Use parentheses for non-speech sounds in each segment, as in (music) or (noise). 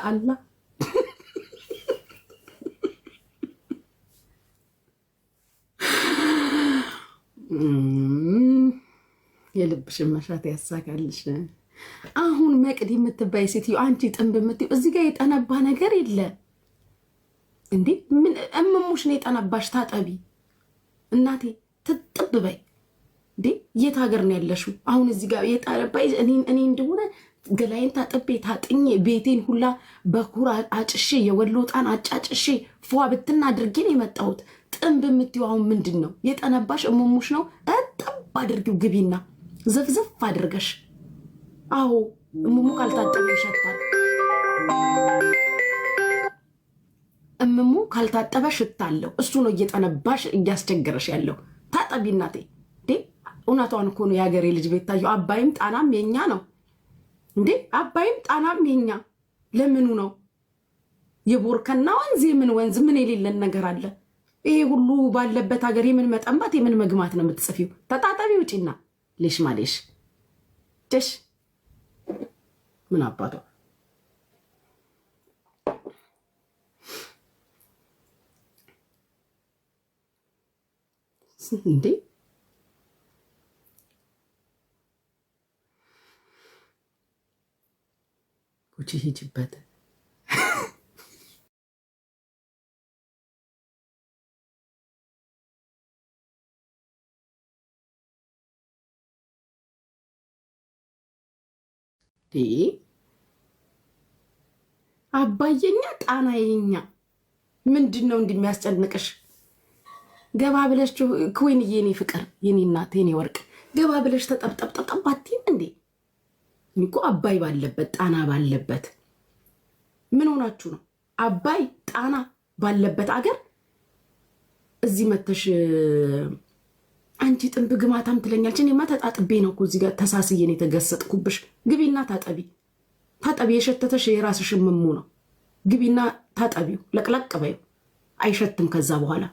ከአላህ የልብሽን መሻት ያሳካልሽ። አሁን መቅድ የምትባይ ሴትዮ አንቺ ጥንብ የምትዩ እዚህ ጋር የጠነባ ነገር የለ እንዴ? ምን እምሙሽ ነው የጠነባሽ? ታጠቢ እናቴ ትጥብ በይ እንዴ። የት ሀገር ነው ያለሽው? አሁን እዚህ ጋር እኔ እንደሆነ ገላይን ታጥቤ ታጥኜ ቤቴን ሁላ በኩር አጭሼ የወሎ ጣን አጫጭሼ ፏ ብትና አድርጌን የመጣሁት ጥንብ የምትዋውን ምንድን ነው የጠነባሽ እሙሙሽ ነው። እጥብ አድርጊው ግቢና ዝፍዝፍ አድርገሽ። አዎ እሙሙ ካልታጠበ ይሸታል። እምሙ ካልታጠበ ሽታለሁ። እሱ ነው እየጠነባሽ እያስቸገረሽ ያለው። ታጠቢ እናቴ። እውነቷን እኮ ነው የሀገሬ ልጅ ቤታየው። አባይም ጣናም የኛ ነው። እንዴ አባይም ጣናም የኛ ለምኑ ነው? የቦርከና ወንዝ የምን ወንዝ ምን የሌለን ነገር አለ? ይሄ ሁሉ ባለበት ሀገር የምን መጠንባት የምን መግማት ነው የምትጽፊው? ተጣጣቢ ውጪና ሌሽ ማሌሽ ደሽ ምን አባቷ እንዴ ውጪ ሂጅበት። አባየኛ ጣናየኛ ምንድን ነው እንደሚያስጨንቅሽ? ገባ ብለሽ ኩዌን፣ የኔ ፍቅር፣ የኔ እናት፣ የኔ ወርቅ ገባ ብለሽ ተጠብጠብጠብጠባቲም እንዴ እኮ አባይ ባለበት ጣና ባለበት ምን ሆናችሁ ነው? አባይ ጣና ባለበት አገር እዚህ መተሽ አንቺ ጥንብ ግማታም ትለኛለች። እኔማ ተጣጥቤ ነው እዚህ ጋር ተሳስዬን የተገሰጥኩብሽ። ግቢና ታጠቢ ታጠቢ። የሸተተሽ የራስሽ ምሙ ነው። ግቢና ታጠቢው፣ ለቅለቅ በይው። አይሸትም ከዛ በኋላ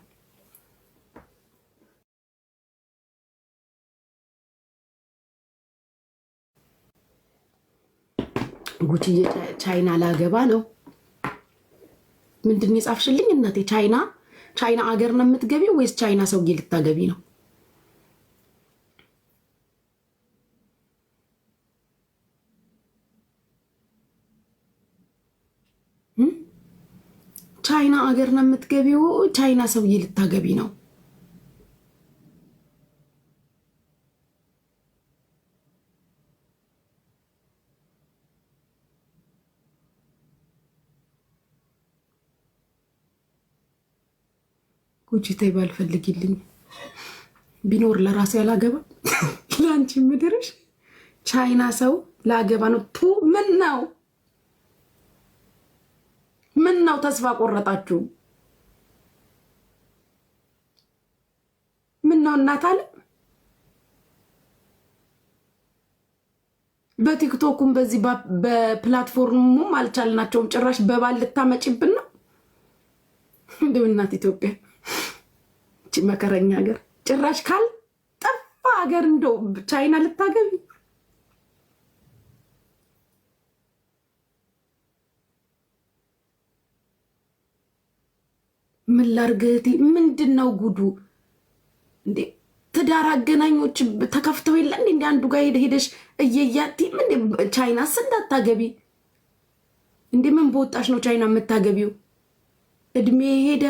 ጉቺዬ ቻይና ላገባ ነው። ምንድን የጻፍሽልኝ እናቴ? ቻይና ቻይና አገር ነው የምትገቢው ወይስ ቻይና ሰውዬ ልታገቢ ነው? ቻይና አገር ነው የምትገቢው? ቻይና ሰውዬ ልታገቢ ነው? ጉቺ ተይ ባልፈልግልኝ ቢኖር ለራሴ ያላገባ (coughs) ለአንቺ ምድርሽ ቻይና ሰው ለአገባ ነው ቱ ምን ነው ምን ነው ተስፋ ቆረጣችሁ ምን ነው እናት አለ በቲክቶኩም በዚህ በፕላትፎርሙም አልቻልናቸውም ጭራሽ በባል ልታመጪብን ነው እንደው እናት ኢትዮጵያ መከረኛ ሀገር ጭራሽ ካልጠፋ ሀገር እንደው ቻይና ልታገቢ ምን ላድርግ እህቴ? ምንድን ነው ጉዱ እንዴ? ትዳር አገናኞች ተከፍተው የለ እንዲ አንዱ ጋር ሄደ ሄደሽ እየያቲ ምን ቻይና ስንዳታገቢ እንዴ? ምን በወጣሽ ነው ቻይና የምታገቢው? እድሜ ሄደ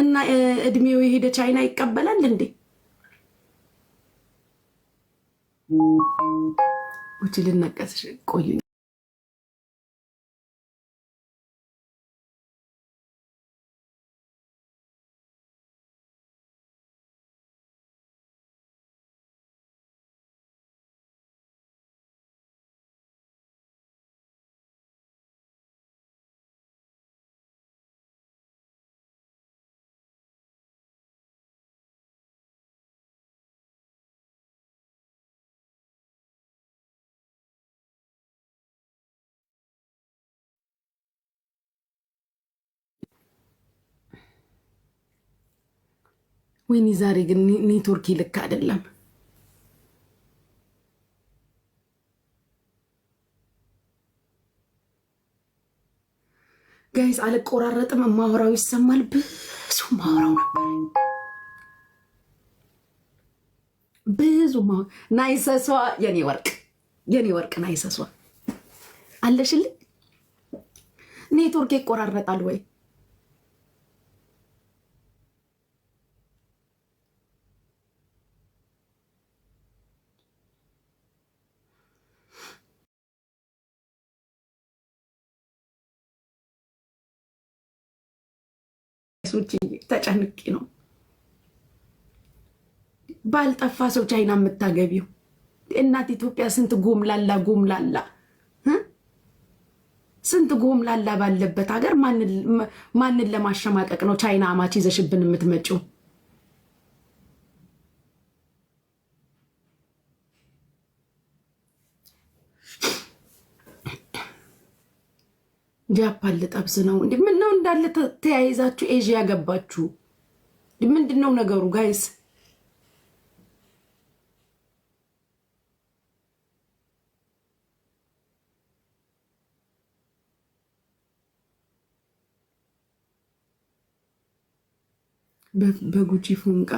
እና እድሜው የሄደ ቻይና ይቀበላል እንዴ? ውጭ ልነቀስሽ ቆዩኝ። ወይኔ ዛሬ ግን ኔትወርክ ይልክ አይደለም። ጋይዝ አልቆራረጥም። ማውራው ይሰማል። ብዙ ማውራው ነበር። ብዙ ናይሰሷ የኔ ወርቅ የኔ ወርቅ ናይሰሷ አለሽልኝ። ኔትወርክ ይቆራረጣል ወይ? ውጭ ተጨንቄ ነው። ባልጠፋ ሰው ቻይና የምታገቢው እናት ኢትዮጵያ ስንት ጎምላላ ጎምላላ ስንት ጎምላላ ባለበት ሀገር ማንን ለማሸማቀቅ ነው ቻይና አማች ይዘሽብን የምትመጪው? ጃፓን ልጠብስ ነው ምን ነው እንዳለ ተያይዛችሁ ኤዥያ ገባችሁ። ምንድን ነው ነገሩ ጋይስ? በጉጂ ፉንቃ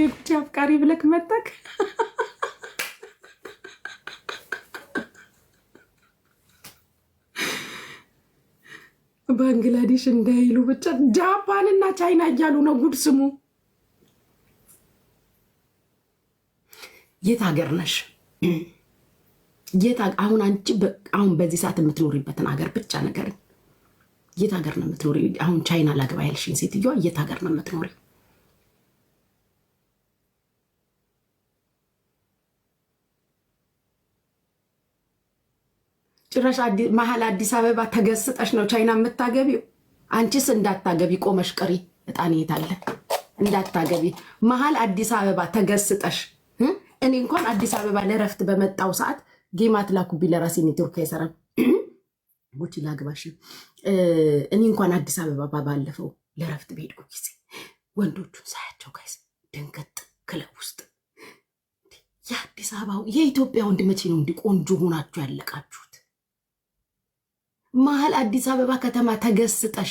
የጉጂ አፍቃሪ ብለክ መጠቅ ባንግላዴሽ እንዳይሉ ብቻ ጃፓንና ቻይና እያሉ ነው። ጉድ ስሙ። የት ሀገር ነሽ? የት አሁን አንቺ አሁን በዚህ ሰዓት የምትኖሪበትን ሀገር ብቻ ንገሪኝ። የት ሀገር ነው የምትኖሪ? አሁን ቻይና ላግባ ያልሽኝ ሴትዮዋ የት ሀገር ነው የምትኖሪ? ጭራሽ መሀል አዲስ አበባ ተገስጠሽ ነው ቻይና የምታገቢው። አንቺስ እንዳታገቢ ቆመሽ ቅሪ። እጣን የታለ እንዳታገቢ መሀል አዲስ አበባ ተገስጠሽ። እኔ እንኳን አዲስ አበባ ለረፍት በመጣው ሰዓት ጌማት ላኩቢ ለራሴ ኔትወርክ አይሰራም። ጉቺ (clears throat) ላግባሽ። እኔ እንኳን አዲስ አበባ ባለፈው ለረፍት በሄድኩ ጊዜ ወንዶቹን ሳያቸው ጋይስ ደንገጥ ክለብ ውስጥ የአዲስ አበባ የኢትዮጵያ ወንድ መቼ ነው እንዲህ ቆንጆ ሆናችሁ ያለቃችሁ? መሀል አዲስ አበባ ከተማ ተገስጠሽ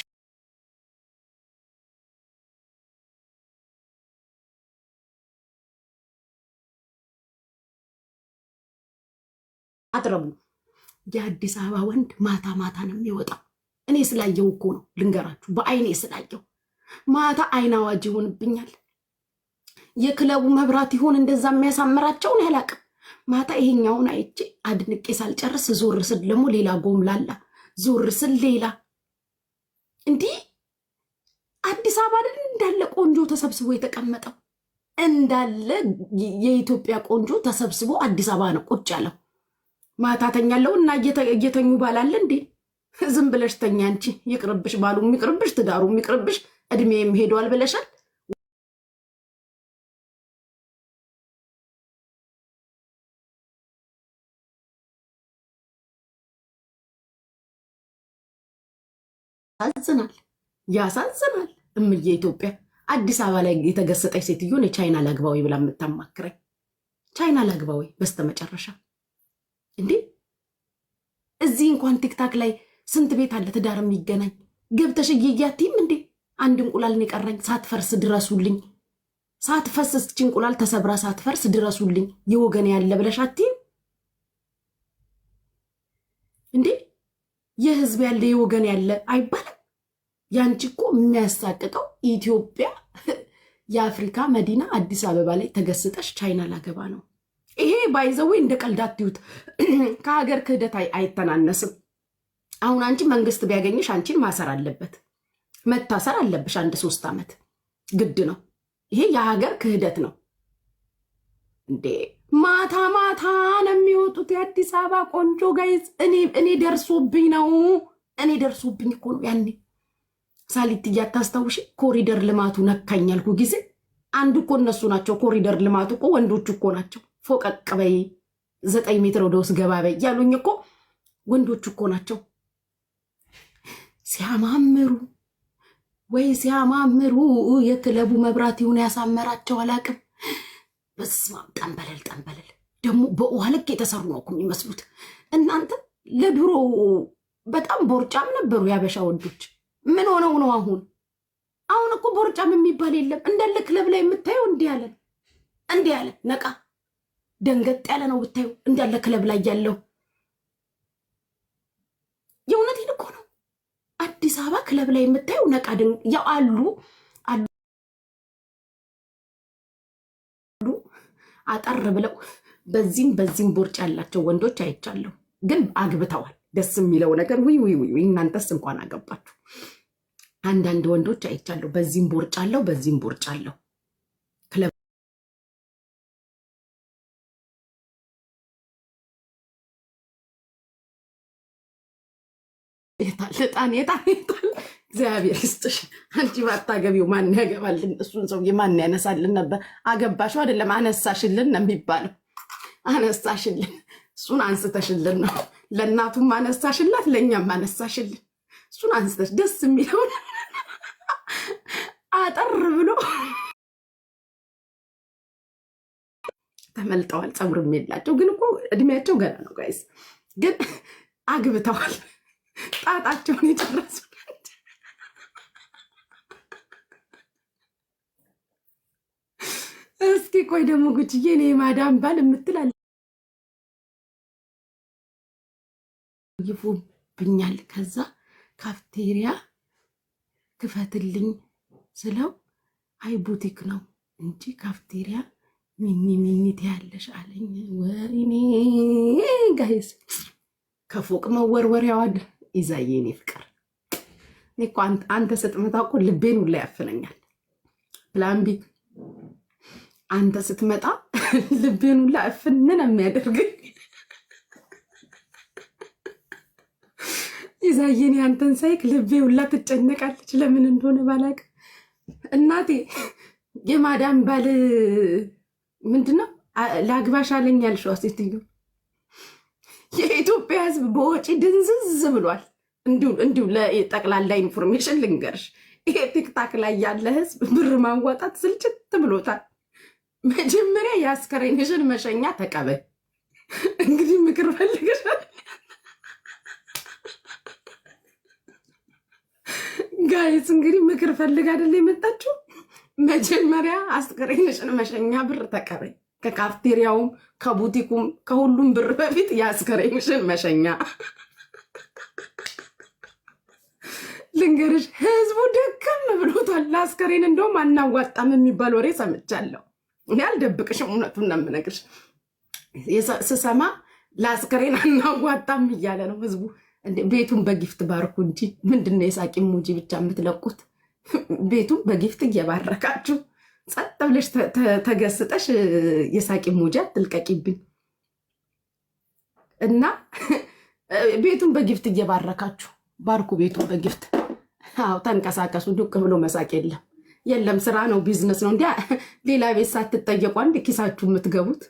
አጥረቡ የአዲስ አበባ ወንድ ማታ ማታ ነው የሚወጣው። እኔ ስላየው እኮ ነው ልንገራችሁ፣ በአይኔ ስላየው ማታ አይን አዋጅ ይሆንብኛል። የክለቡ መብራት ይሆን እንደዛ የሚያሳምራቸውን ያላቅም። ማታ ይሄኛውን አይቼ አድንቄ ሳልጨርስ ዞር ስል ደግሞ ሌላ ጎምላላ ዞር ስል ሌላ እንዲህ አዲስ አበባ አይደል እንዳለ ቆንጆ ተሰብስቦ የተቀመጠው እንዳለ የኢትዮጵያ ቆንጆ ተሰብስቦ አዲስ አበባ ነው ቁጭ ያለው። ማታተኛለው እና እየተኙ ባላለ እንዴ ዝም ብለሽ ተኛ አንቺ። ይቅርብሽ፣ ባሉም ይቅርብሽ፣ ትዳሩም ይቅርብሽ፣ እድሜም ብለሻል። ያሳዝናል ያሳዝናል። እምዬ ኢትዮጵያ አዲስ አበባ ላይ የተገሰጠች ሴትዮን የቻይና ላግባዊ ብላ የምታማክረኝ ቻይና ላግባዊ በስተመጨረሻ እንዴ! እዚህ እንኳን ቲክታክ ላይ ስንት ቤት አለ ትዳር የሚገናኝ ገብተሽ እየያቲም እንዴ አንድ እንቁላልን የቀረኝ ሳትፈርስ ድረሱልኝ፣ ሳትፈርስ እስች እንቁላል ተሰብራ ሳትፈርስ ድረሱልኝ፣ የወገን ያለ ብለሽ አትይም እንዴ? የህዝብ ያለ የወገን ያለ አይባልም። ያንቺ እኮ የሚያሳቅቀው ኢትዮጵያ የአፍሪካ መዲና አዲስ አበባ ላይ ተገስጠሽ ቻይና ላገባ ነው። ይሄ ባይዘዌ እንደ ቀልድ አትዩት። (clears throat) ከሀገር ክህደት አይተናነስም። አሁን አንቺ መንግስት ቢያገኝሽ አንቺን ማሰር አለበት፣ መታሰር አለብሽ። አንድ ሶስት ዓመት ግድ ነው። ይሄ የሀገር ክህደት ነው እንዴ! ማታ ማታ ነው የሚወጡት የአዲስ አበባ ቆንጆ ጋይዝ። እኔ ደርሶብኝ ነው እኔ ደርሶብኝ እኮ ነው ያኔ ሳሊት እያታስታውሽ ኮሪደር ልማቱ ነካኝ ያልኩ ጊዜ አንድ እኮ እነሱ ናቸው። ኮሪደር ልማቱ እኮ ወንዶቹ እኮ ናቸው። ፎቀቅ በይ ዘጠኝ ሜትር ወደ ውስጥ ገባ በይ እኮ ወንዶቹ እኮ ናቸው። ሲያማምሩ ወይ ሲያማምሩ የክለቡ መብራት ይሁን ያሳመራቸው አላቅም። በስማ ጠንበለል ጠንበለል ደግሞ በውሃ ልክ የተሰሩ ነው እኮ የሚመስሉት እናንተ። ለድሮ በጣም ቦርጫም ነበሩ ያበሻ ወንዶች። ምን ሆነው ነው አሁን? አሁን እኮ ቦርጫም የሚባል የለም። እንዳለ ክለብ ላይ የምታየው እንዲህ ያለ እንዲህ ያለ ነቃ ደንገጥ ያለ ነው ብታየው፣ እንዳለ ክለብ ላይ ያለው። የእውነት እኮ ነው። አዲስ አበባ ክለብ ላይ የምታየው ነቃ ያው አሉ አጠር ብለው በዚህም በዚህም ቦርጭ ያላቸው ወንዶች አይቻለሁ፣ ግን አግብተዋል። ደስ የሚለው ነገር ውይ ውይ ውይ እናንተስ እንኳን አገባችሁ። አንዳንድ ወንዶች አይቻለሁ፣ በዚህም ቦርጭ አለው፣ በዚህም ቦርጭ አለው። ክለብ የጣን ጣን እግዚአብሔር ይስጥሽ። አንቺ ባታገቢው ማን ያገባልን? እሱን ሰው ማን ያነሳልን ነበር? አገባሽው አይደለም አነሳሽልን ነው የሚባለው። አነሳሽልን፣ እሱን አንስተሽልን ነው። ለእናቱም አነሳሽላት፣ ለእኛም አነሳሽልን። እሱን አንስተሽ ደስ የሚለው አጠር ብሎ ተመልጠዋል። ፀጉርም የላቸው ግን እኮ እድሜያቸው ገና ነው ጋይስ፣ ግን አግብተዋል። ጣጣቸውን የጨረሱ እስኪ ቆይ ደግሞ ጉችዬ እኔ ማዳም ባል የምትላል ይፉብኛል። ከዛ ካፍቴሪያ ክፈትልኝ ስለው አይ ቡቲክ ነው እንጂ ካፍቴሪያ ሚኒ ሚኒት ያለሽ አለኝ። ወይኔ ጋይስ ከፎቅ መወርወሪያዋል ይዛዬ እኔ ፍቅር እኔ እኮ አንተ ስትመጣ እኮ ልቤን ሁላ ያፍነኛል። ፕላን አንተ ስትመጣ ልቤን ሁላ እፍንን የሚያደርግኝ ይዛየን ያንተን ሳይክ ልቤ ሁላ ትጨነቃለች። ለምን እንደሆነ ባላቅ እናቴ የማዳም ባል ምንድነው ለአግባሽ አለኝ ያልሽዋ ሴትዮ የኢትዮጵያ ሕዝብ በወጪ ድንዝዝ ብሏል። እንዲሁ ለጠቅላላ ኢንፎርሜሽን ልንገርሽ፣ ይሄ ቲክታክ ላይ ያለ ሕዝብ ብር ማዋጣት ስልጭት ብሎታል። መጀመሪያ የአስከሬንሽን መሸኛ ተቀበ እንግዲህ ምክር ፈልግሻል ጋይስ። እንግዲህ ምክር ፈልግ አይደለ የመጣችው? መጀመሪያ አስከሬንሽን መሸኛ ብር ተቀበ ከካፍቴሪያውም ከቡቲኩም ከሁሉም ብር በፊት የአስከሬንሽን መሸኛ ልንገርሽ፣ ህዝቡ ደከም ብሎታል። ለአስከሬን እንደውም አናዋጣም የሚባል ወሬ ሰምቻለሁ። ያልደብቅሽም እውነቱን ነው የምነግርሽ። ስሰማ ለአስከሬን አናዋጣም እያለ ነው ህዝቡ። ቤቱን በጊፍት ባርኩ እንጂ ምንድነው የሳቂ ሙጂ ብቻ የምትለቁት? ቤቱን በጊፍት እየባረካችሁ ጸጥ ብለሽ ተገስጠሽ የሳቂ ሙጂ አትልቀቂብኝ እና ቤቱን በጊፍት እየባረካችሁ ባርኩ። ቤቱን በጊፍት አዎ፣ ተንቀሳቀሱ። ዱቅ ብሎ መሳቅ የለም። የለም ስራ ነው፣ ቢዝነስ ነው። እንዲያ ሌላ ቤት ሳትጠየቁ አንድ ኪሳችሁ የምትገቡት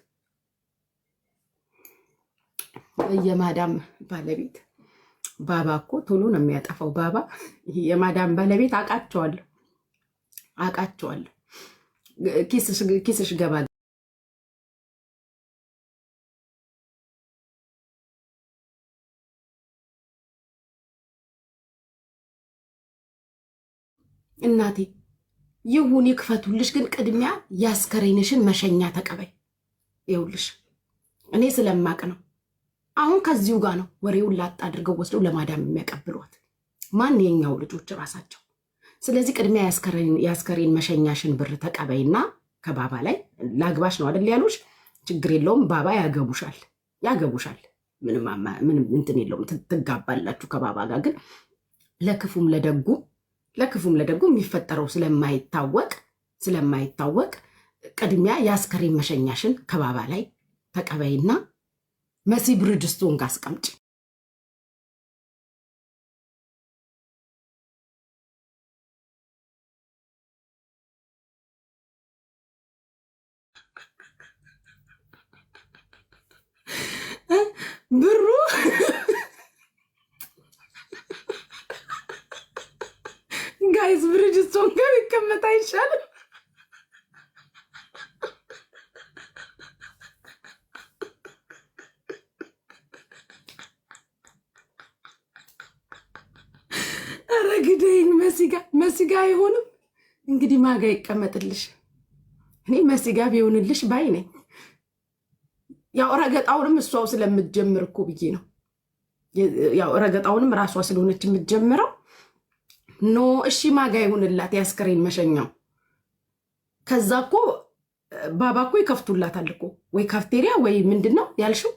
የማዳም ባለቤት ባባ እኮ ቶሎ ነው የሚያጠፋው። ባባ የማዳም ባለቤት አቃቸዋለሁ፣ አቃቸዋለሁ። ኪስሽ ገባ እናቴ ይሁን ይክፈቱልሽ፣ ግን ቅድሚያ የአስከሬንሽን መሸኛ ተቀበይ። ይውልሽ እኔ ስለማቅ ነው። አሁን ከዚሁ ጋር ነው ወሬውን ላጥ አድርገው ወስደው ለማዳም የሚያቀብሏት ማን የኛው ልጆች ራሳቸው። ስለዚህ ቅድሚያ የአስከሬን መሸኛሽን ብር ተቀበይና ከባባ ላይ ላግባሽ ነው አደል ያሉሽ? ችግር የለውም ባባ ያገቡሻል፣ ያገቡሻል። ምንም እንትን የለውም። ትጋባላችሁ ከባባ ጋር ግን ለክፉም ለደጉ ለክፉም ለደጉ የሚፈጠረው ስለማይታወቅ ስለማይታወቅ ቅድሚያ የአስከሬን መሸኛሽን ከባባ ላይ ተቀበይና መሲ ብርድስቶን ጋር አስቀምጭ። ጋ አይሆንም። እንግዲህ ማጋ ይቀመጥልሽ። እኔ መሲ ቢሆንልሽ ባይ ነኝ። ያው ረገጣውንም እሷው ስለምትጀምር እኮ ብዬ ነው። ያው ረገጣውንም ራሷ ስለሆነች የምትጀምረው ኖ እሺ፣ ማጋ ይሁንላት የአስክሬን መሸኛው። ከዛ እኮ ባባ እኮ ይከፍቱላታል እኮ ወይ ካፍቴሪያ ወይ ምንድን ነው ያልሽው?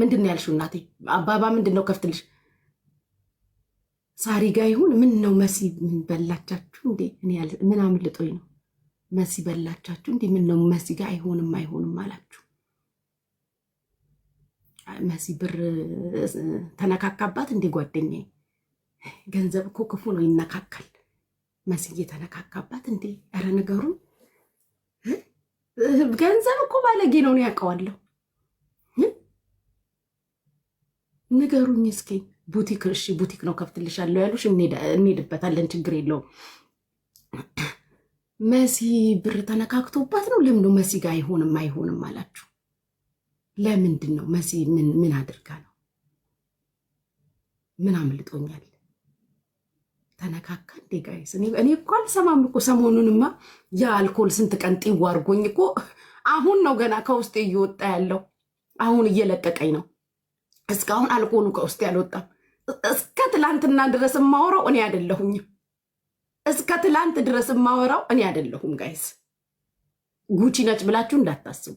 ምንድን ነው ያልሽው? እናቴ ባባ ምንድን ነው ከፍትልሽ ሳሪ ጋ ይሁን ምን ነው መሲ በላቻችሁ እንዴ? ምን አምልጦኝ ነው መሲ በላቻችሁ እንዴ? ምን ነው መሲ ጋ አይሆንም አይሆንም አላችሁ። መሲ ብር ተነካካባት እንዴ? ጓደኛ ገንዘብ እኮ ክፉ ነው ይነካካል። መስዬ እየተነካካባት እንዴ? ኧረ ነገሩን ገንዘብ እኮ ባለጌ ነው ያውቀዋለሁ። ንገሩኝ እስኪ ቡቲክ እሺ ቡቲክ ነው ከፍትልሻለሁ ያሉሽ እንሄድበታለን፣ ችግር የለውም። መሲ ብር ተነካክቶባት ነው። ለምን ነው መሲ ጋር አይሆንም አይሆንም አላችሁ? ለምንድን ነው መሲ ምን አድርጋ ነው? ምን አምልጦኛል? ተነካካ እንዴ ጋይስ? እኔ እኮ አልሰማም እኮ ሰሞኑንማ፣ የአልኮል ስንት ቀን ጢዋ አድርጎኝ እኮ አሁን ነው ገና ከውስጤ እየወጣ ያለው። አሁን እየለቀቀኝ ነው። እስካሁን አልኮሉ ከውስጤ አልወጣም። እስከ ትላንትና ድረስ የማወራው እኔ አይደለሁኝም። እስከ ትላንት ድረስ የማወራው እኔ አይደለሁም። ጋይስ ጉቺ ነች ብላችሁ እንዳታስቡ።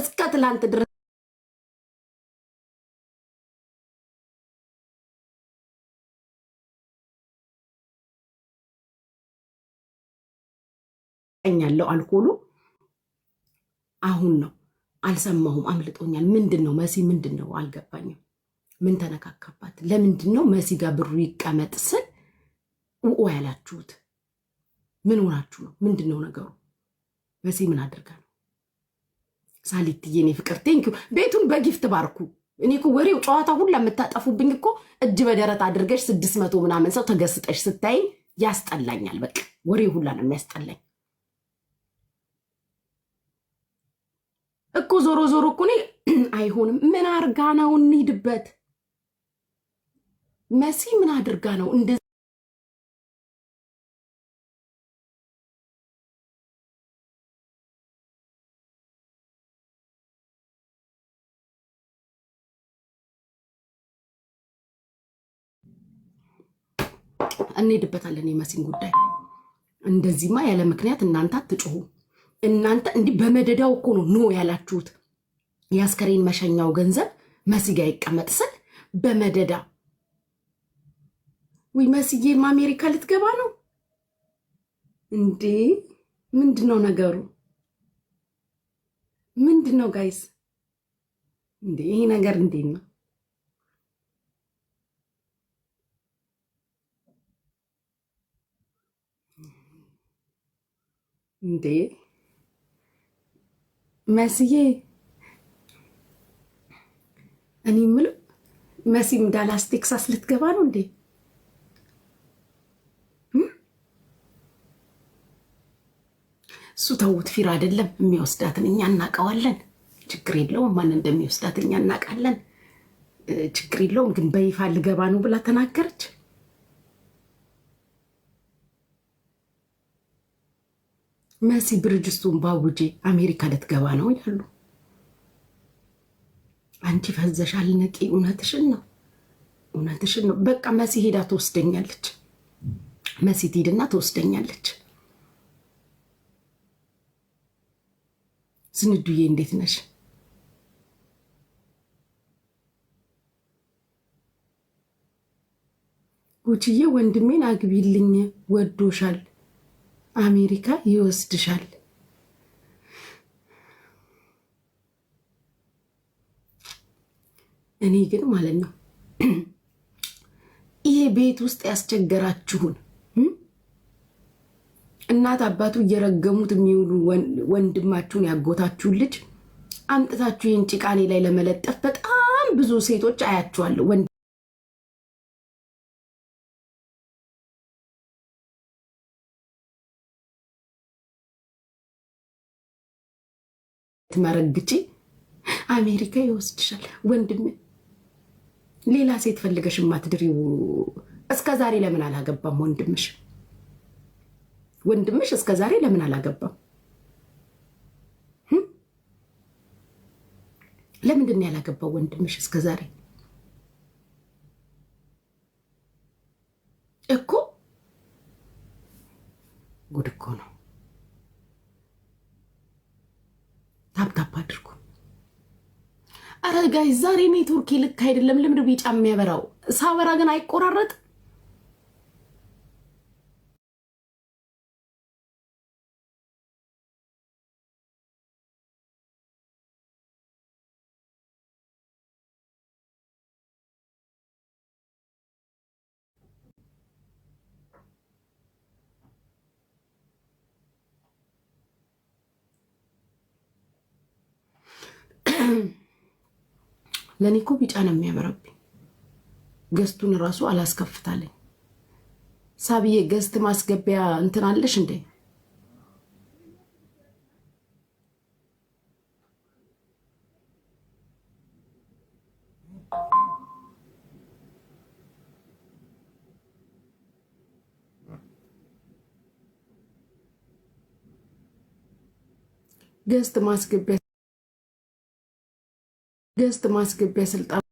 እስከ ትላንት ድረስ ያለው አልኮሉ አሁን ነው አልሰማሁም፣ አምልጦኛል። ምንድን ነው መሲ? ምንድን ነው አልገባኝም። ምን ተነካካባት? ለምንድን ነው መሲ ጋር ብሩ ይቀመጥ ስል ውኦ ያላችሁት? ምን ሆናችሁ ነው? ምንድን ነው ነገሩ? መሲ ምን አድርጋ ነው? ሳሊትዬ፣ እኔ ፍቅር ቴንኪው። ቤቱን በጊፍት ባርኩ። እኔ እኮ ወሬው ጨዋታ ሁላ የምታጠፉብኝ እኮ እጅ በደረት አድርገሽ ስድስት መቶ ምናምን ሰው ተገስጠሽ ስታይ ያስጠላኛል። በቃ ወሬ ሁላ ነው የሚያስጠላኝ እኮ ዞሮ ዞሮ እኮ እኔ (clears throat) አይሆንም። ምን አርጋ ነው እንሂድበት መሲ ምን አድርጋ ነው እንደ እንሄድበታለን የመሲን ጉዳይ። እንደዚህማ ያለ ምክንያት እናንተ አትጮሁ። እናንተ እንዲህ በመደዳው እኮ ነው ኖ ያላችሁት። የአስከሬን መሸኛው ገንዘብ መሲ ጋ ይቀመጥ ስል በመደዳ ወይ መስዬም አሜሪካ ልትገባ ነው እንዴ? ምንድን ነው ነገሩ? ምንድን ነው ጋይስ? እንዴ ይሄ ነገር እንዴት ነው? እንዴ መስዬ እኔ የምለው መሲም ዳላስ ቴክሳስ ልትገባ ነው እንዴ? እሱ ተውት፣ ፊር አይደለም የሚወስዳትን እኛ እናውቀዋለን። ችግር የለውም ማን እንደሚወስዳት እኛ እናውቃለን። ችግር የለውም ግን በይፋ ልገባ ነው ብላ ተናገረች። መሲ ብርጅስቱን ባቡጄ አሜሪካ ልትገባ ነው ይላሉ። አንቺ ፈዘሻል ነቂ። እውነትሽን ነው፣ እውነትሽን ነው። በቃ መሲ ሄዳ ትወስደኛለች። መሲ ትሂድና ትወስደኛለች። ስንዱዬ እንዴት ነሽ? ጉቺዬ ወንድሜን አግቢልኝ፣ ወዶሻል፣ አሜሪካ ይወስድሻል። እኔ ግን ማለት ነው (clears throat) ይሄ ቤት ውስጥ ያስቸገራችሁን እናት አባቱ እየረገሙት የሚውሉ ወንድማችሁን ያጎታችሁን ልጅ አምጥታችሁ ይህን ጭቃኔ ላይ ለመለጠፍ በጣም ብዙ ሴቶች አያችኋለሁ። መረግጪ አሜሪካ ይወስድሻል ወንድም ሌላ ሴት ፈልገሽ ማትድሪው እስከ ዛሬ ለምን አላገባም ወንድምሽ? ወንድምሽ እስከ ዛሬ ለምን አላገባም? ለምንድን ያላገባው ወንድምሽ እስከ ዛሬ እኮ ጉድ እኮ ነው። ታፕታፕ አድርጉ። አረ ጋይ ዛሬ ኔትወርክ ልክ አይደለም። ልምድ ቢጫ የሚያበራው ሳበራ ግን አይቆራረጥ ለእኔ እኮ ቢጫ ነው የሚያምረብኝ። ገዝቱን እራሱ አላስከፍታለኝ። ሳብዬ ገዝት ማስገቢያ እንትን አለሽ እንዴ? ገዝት ማስገቢያ ገዝት ማስገቢያ ስልጣን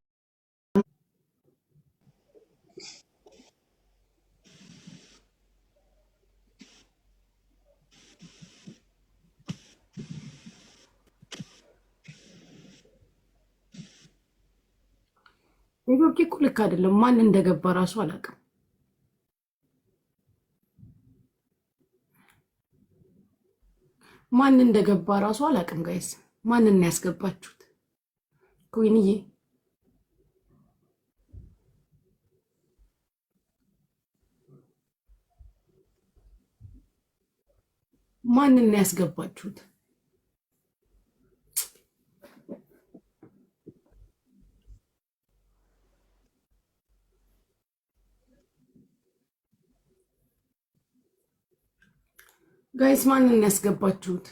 ኔትወርክ እኮ ልክ አይደለም። ማን እንደገባ ራሱ አላውቅም። ማን እንደገባ ራሱ አላውቅም። ጋይስ ማንን ያስገባችሁ? ወይንዬ ማንን ያስገባችሁት? ጋይስ ማንን ያስገባችሁት?